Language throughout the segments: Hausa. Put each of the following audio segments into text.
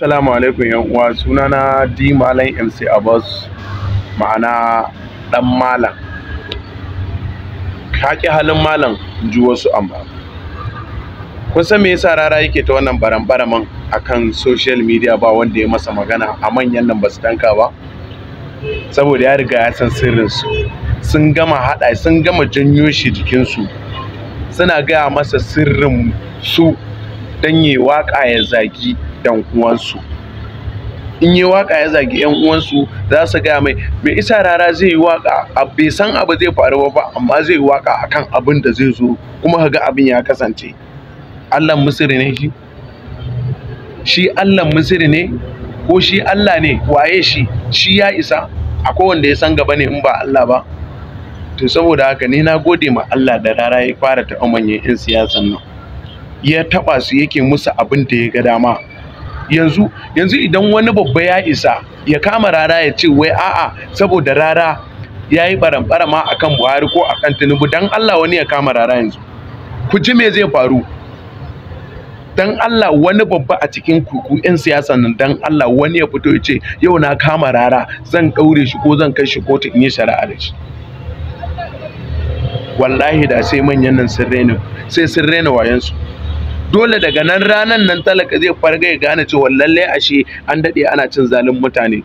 Assalamu alaikum yan uwa sunana D Malam MC Abbas ma'ana dan malam kaki halin malam ji wasu amma kun san me yasa rara yake ta wannan barambaraman akan social media ba wanda ya masa magana a manyan nan basu su tanka ba saboda ya riga ya san sirrin su sun gama hada sun gama janyo shi jikin su suna gaya masa sirrin su dan yi waka ya zagi 'yan uwansu in yi waka ya zagi yan uwansu za su gaya mai mai isa rara zai yi waka a bai san abu zai faru ba amma zai yi waka akan abin da zai zo kuma ga abin ya kasance Allah misiri ne shi shi Allah misiri ne ko shi Allah ne waye shi shi ya isa akwai wanda ya san gaba ne in ba Allah ba to saboda haka ni na gode ma Allah da rara ya fara taɓa manyan 'yan siyasan nan ya taɓa su yake musu abin da ya ga dama yanzu yanzu idan wani babba ya isa ya kama rara ya ce wai a'a saboda rara ya yi ma a kan buhari ko a kan tinubu don allah wani ya kama rara yanzu ku ji me zai faru dan Allah wani babba a cikin kuku 'yan siyasa nan dan Allah wani ya fito ya ce yau na kama rara zan ɗaure shi ko zan kai shi kotu in yi shari'a da shi wallahi da sai manyan nan sun sai sun wayansu dole daga nan ranan nan talaka zai farga ya gane cewa lallai ashe an dade ana cin zalin mutane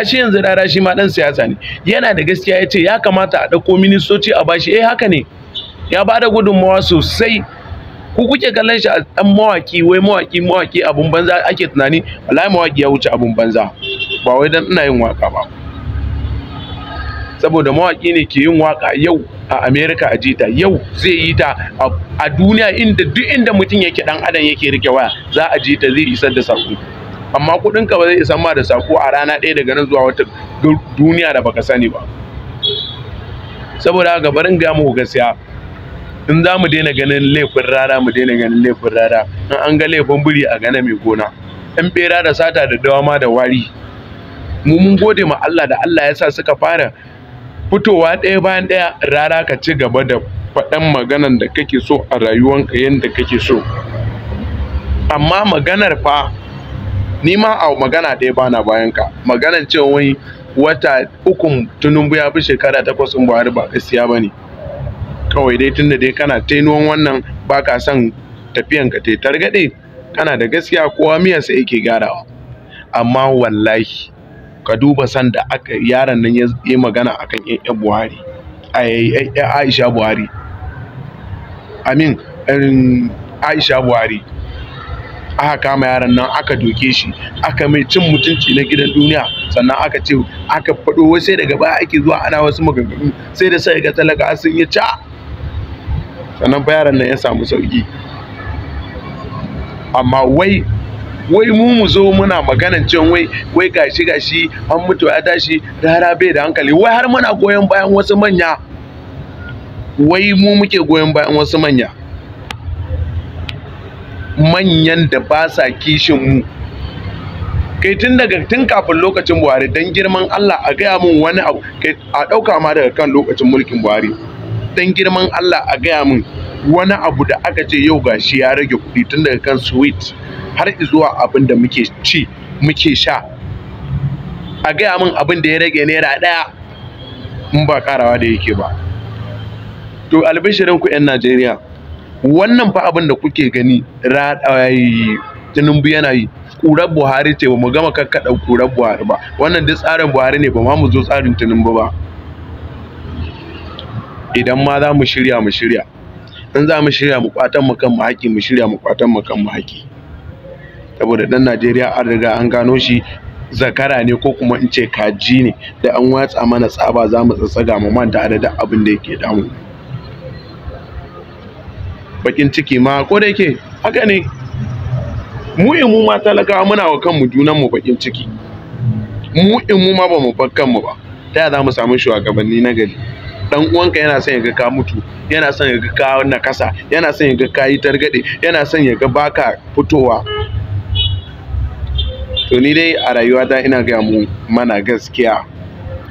ashe yanzu rara shi ma dan siyasa ne yana da gaskiya ya ce ya kamata a dauko ministoci a bashi eh haka ne ya ba da gudunmawa sosai ku kuke kallon shi a dan mawaki wai mawaki mawaki abun banza ake tunani wallahi mawaki ya wuce abun banza ba wai dan ina yin waka ba saboda mawaƙi ne ke yin waka yau a America a jita yau zai yi ta a duniya inda duk inda mutum yake dan adam yake rike waya za a ji ta zai isar da saƙo. amma kuɗin ka ba zai isar ma da saƙo a rana ɗaya daga nan zuwa wata duniya da baka sani ba saboda ga barin ga mu gaskiya in za mu daina ganin laifin rara mu daina ganin laifin rara in an ga laifin biri a gane mai gona in bera da sata da dawama da wari mu mun gode ma Allah da Allah ya sa suka fara fitowa ɗaya bayan ɗaya rara ka ci gaba da faɗan maganan da kake so a rayuwanka yadda kake so amma maganar fa ni ma a magana ɗaya bana bayan ka maganar cewa wani wata ukun tunun ya fi shekara takwas in buhari ba gaskiya ba ne kawai dai tunda dai kana tainuwan wannan ba ka son tafiyan ka tai targaɗe kana da gaskiya kowa miyarsa yake gyarawa amma wallahi ka duba sanda aka yaran nan ya yi magana akan Buhari Aisha Buhari amin Aisha Buhari aka kama yaran nan aka doke shi aka mai cin mutunci na gidan duniya sannan aka ce aka faɗo wai sai daga baya ake zuwa ana wasu maganganu sai da sai ga talaka sun yi ca sannan fa yaran nan ya samu sauki amma wai wai mu mu zo muna maganan cewa wai wai gashi gashi an mutu ya tashi rara bai da hankali wai har muna goyon bayan wasu manya wai mu muke goyon bayan wasu manya manyan da ba sa kishin mu kai tun daga tun kafin lokacin buhari dan girman allah a gaya min wani abu a ɗauka ma daga kan lokacin mulkin buhari dan girman allah a gaya min wani abu da aka ce yau gashi ya rage kuɗi tun daga kan sweet har zuwa abin da muke ci muke sha a gaya min abin da ya rage naira ɗaya in ba karawa da yake ba to albishirin ku 'yan najeriya wannan fa abin da kuke gani tinubu yana yi ƙurar buhari ce ba mu gama kakkaɗa ƙurar buhari ba wannan duk tsarin buhari ne ba ma mu zo tsarin tinubu ba idan ma za mu shirya mu shirya in za mu shirya mu kwatan mu kanmu haƙƙi mu shirya mu kwatan mu kanmu haƙƙi saboda dan Najeriya an riga an gano shi zakara ne ko kuma in ce kaji ne da an watsa mana tsaba za mu tsatsaga mu manta da duk abin da yake damu bakin ciki ma ko da yake haka ne mu in mu ma talakawa muna wa kanmu junan mu bakin ciki mu in mu ma ba mu bar kanmu ba ta za mu samu shugabanni na gari dan uwanka yana son ya ga ka mutu yana son ya ga ka nakasa yana son ya ga ka yi targade yana son ya ga baka fitowa to ni dai a rayuwata ina gaya mu mana gaskiya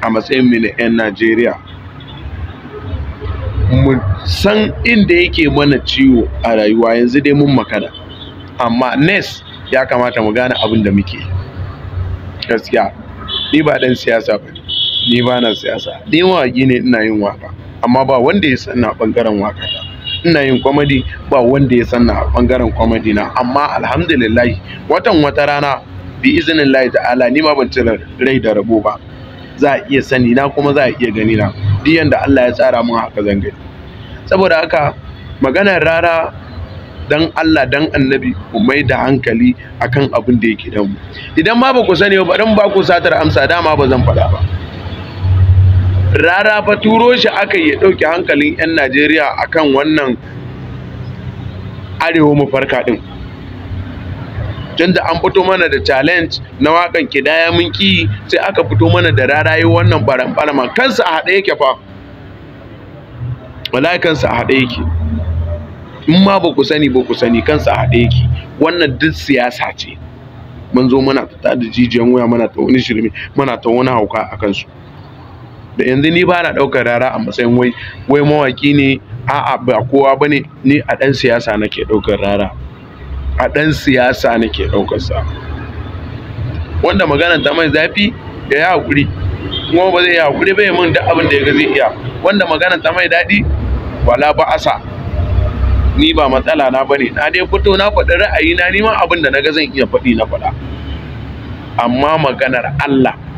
a matsayin mu na 'yan najeriya mu san inda yake mana ciwo a rayuwa yanzu dai mun makana amma nes ya kamata mu gane abin da muke gaskiya ni ba dan siyasa ba ni ba na siyasa ni mawaƙi ne ina yin waka amma ba wanda ya sanna bangaren waka ta ina yin kwamadi, ba wanda ya sanna bangaren kwamadi na amma alhamdulillah watan wata rana bi izinin Allah ta'ala ni ma ban cire rai da rabo ba za a iya sani na kuma za a iya gani na duk yanda Allah ya tsara mun haka zan saboda haka maganar rara dan Allah dan annabi ku mai da hankali akan abin da yake mu. idan ma ba ku sani ba dan ba ku satar amsa dama ba zan faɗa ba rara fa turo shi aka yi ɗauki hankalin 'yan najeriya akan wannan arewa mafarka ɗin tunda an fito mana da challenge na wakan kidaya mun ki sai aka fito mana da rarayi wannan baran barama kansa a haɗe yake fa wallahi kansa a haɗe yake in ma ba ku sani ba ku sani kansa a haɗe yake wannan duk siyasa ce mun zo mana ta da jijiyan wuya mana ta wani shirme mana ta wani hauka a kansu da yanzu ni ba na ɗaukar rara a matsayin wai wai mawaƙi ne a'a ba kowa ba ne ni a ɗan siyasa nake ɗaukar rara a ɗan siyasa nake ɗaukar sa wanda magana ta mai zafi da ya haƙuri kuma ba zai yi haƙuri bai min duk abin da ya ga zai iya wanda magana ta mai daɗi wala ba asa ni ba matsala na bane na dai fito na faɗi ra'ayi na ni ma abin da na ga zan iya faɗi na faɗa amma maganar Allah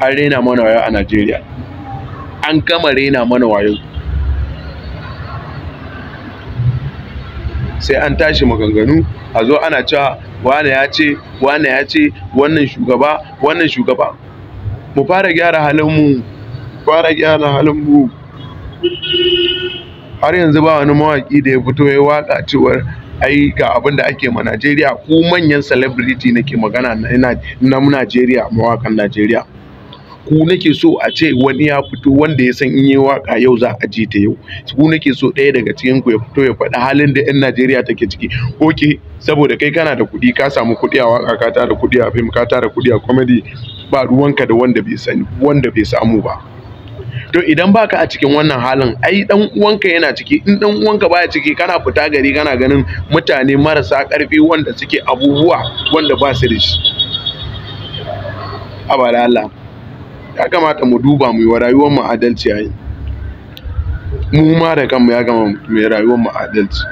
an rena mana wayo a Najeriya an gama rena mana wayo sai an tashi maganganu a zo ana cewa wane ya ce wane ya ce wannan shugaba wannan shugaba mu fara gyara halinmu fara gyara halinmu har yanzu ba wani mawaƙi da ya fito ya waka cewar ai ga abin da ake ma Najeriya ko manyan celebrity nake magana na Najeriya mawakan Najeriya ku nake so a ce wani ya fito wanda ya san in yi waka yau za a ji ta yau ku nake so ɗaya daga cikin ku ya fito ya faɗi halin da yan Najeriya take ciki oke saboda kai kana da kuɗi ka samu kuɗi a waka ka tara kuɗi a fim ka tara kuɗi a comedy ba ruwanka da wanda bai sani wanda bai samu ba to idan baka a cikin wannan halin ai dan uwanka yana ciki in dan uwanka baya ciki kana fita gari kana ganin mutane marasa karfi wanda suke abubuwa wanda ba su da shi abada Allah ya kamata mu duba mu yi wa rayuwar mu adalci yi. mu ma da kanmu ya gama mu yi rayuwar mu adalci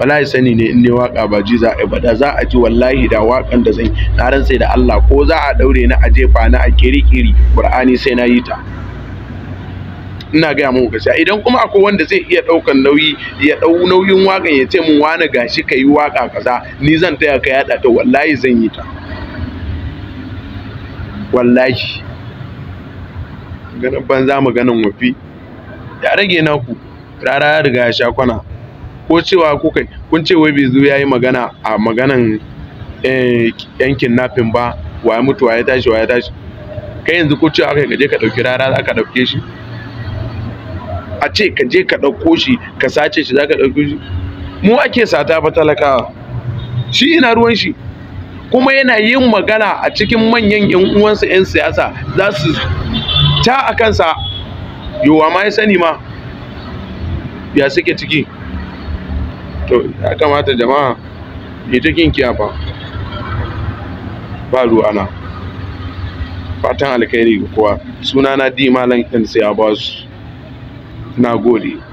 wallahi sani ne in ne waka ba ji za a ba da za a ji wallahi da wakan da zan na ran sai da Allah ko za a daure na a jefa na a kirikiri Qur'ani sai na yi ta ina gaya muku gaskiya idan kuma akwai wanda zai iya ɗaukan nauyi ya ɗau nauyin wakan ya ce mun wani gashi ka yi waka kaza ni zan taya ka yaɗa ta wallahi zan yi ta wallahi maganan banza maganan wafi ya rage naku rara ya riga ya sha kwana ko cewa kuka kun ce wai bai zo yayi magana a maganan eh, yan kidnapping ba wa ya mutu wa ya tashi wa tashi kai yanzu ko cewa aka je ka dauki rara za ka dauke shi a ce ka je ka dauko shi ka sace shi za ka dauke shi mu ake sata ba talakawa shi ina ruwan shi kuma yana yin magana a cikin manyan 'yan uwansa 'yan siyasa za su ta a kansa yowa ma ya sani ma ya suke ciki to ya kamata jama'a ya ta kinkiya ba ba na, fatan alkhairi kuwa kowa sunana di malam ɗin sai a basu na gode